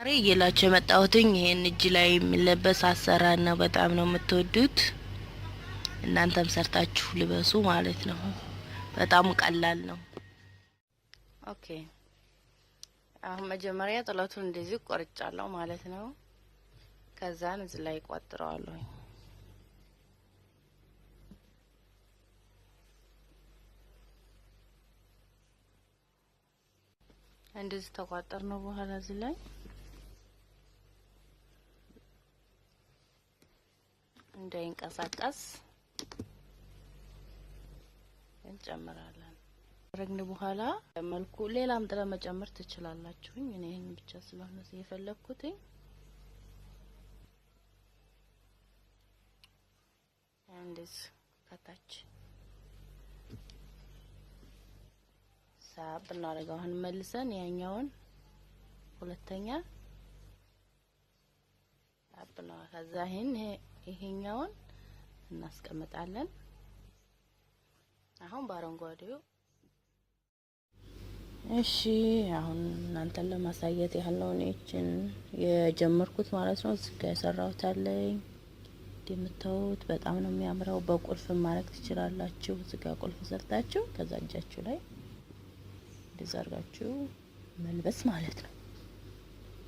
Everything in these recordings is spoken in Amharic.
ዛሬ እየላችሁ የመጣሁትኝ ይሄን እጅ ላይ የሚለበስ አሰራር ነው። በጣም ነው የምትወዱት እናንተም ሰርታችሁ ልበሱ ማለት ነው። በጣም ቀላል ነው። ኦኬ አሁን መጀመሪያ ጥለቱን እንደዚህ ቆርጫለሁ ማለት ነው። ከዛን እዚህ ላይ ቆጥረዋለሁ። እንደዚህ ተቋጠር ነው በኋላ እዚህ ላይ እንዳይንቀሳቀስ እንጨምራለን። ረግን በኋላ መልኩ ሌላም ጥረ መጨመር ትችላላችሁኝ። እኔ ይህን ብቻ ስለሆነ የፈለግኩትኝ እንደዚህ ከታች ሳብ እናደርገው። አሁን መልሰን ያኛውን ሁለተኛ ሳብ ነው ከዛ ይሄን ይሄኛውን እናስቀምጣለን። አሁን በአረንጓዴው እሺ፣ አሁን እናንተን ለማሳየት ያህል ነው የጀመርኩት ማለት ነው። እዚህ ጋር የሰራሁት አለኝ እንደምታዩት በጣም ነው የሚያምረው። በቁልፍ ማድረግ ትችላላችሁ። እዚህ ጋር ቁልፍ ሰርታችሁ ከዛ እጃችሁ ላይ እንደዛ አድርጋችሁ መልበስ ማለት ነው።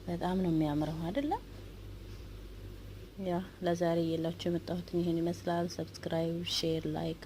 በጣም ነው የሚያምረው አይደለም? ያ ለዛሬ የላችሁ የመጣሁትን ይህን ይመስላል። ሰብስክራይብ፣ ሼር፣ ላይክ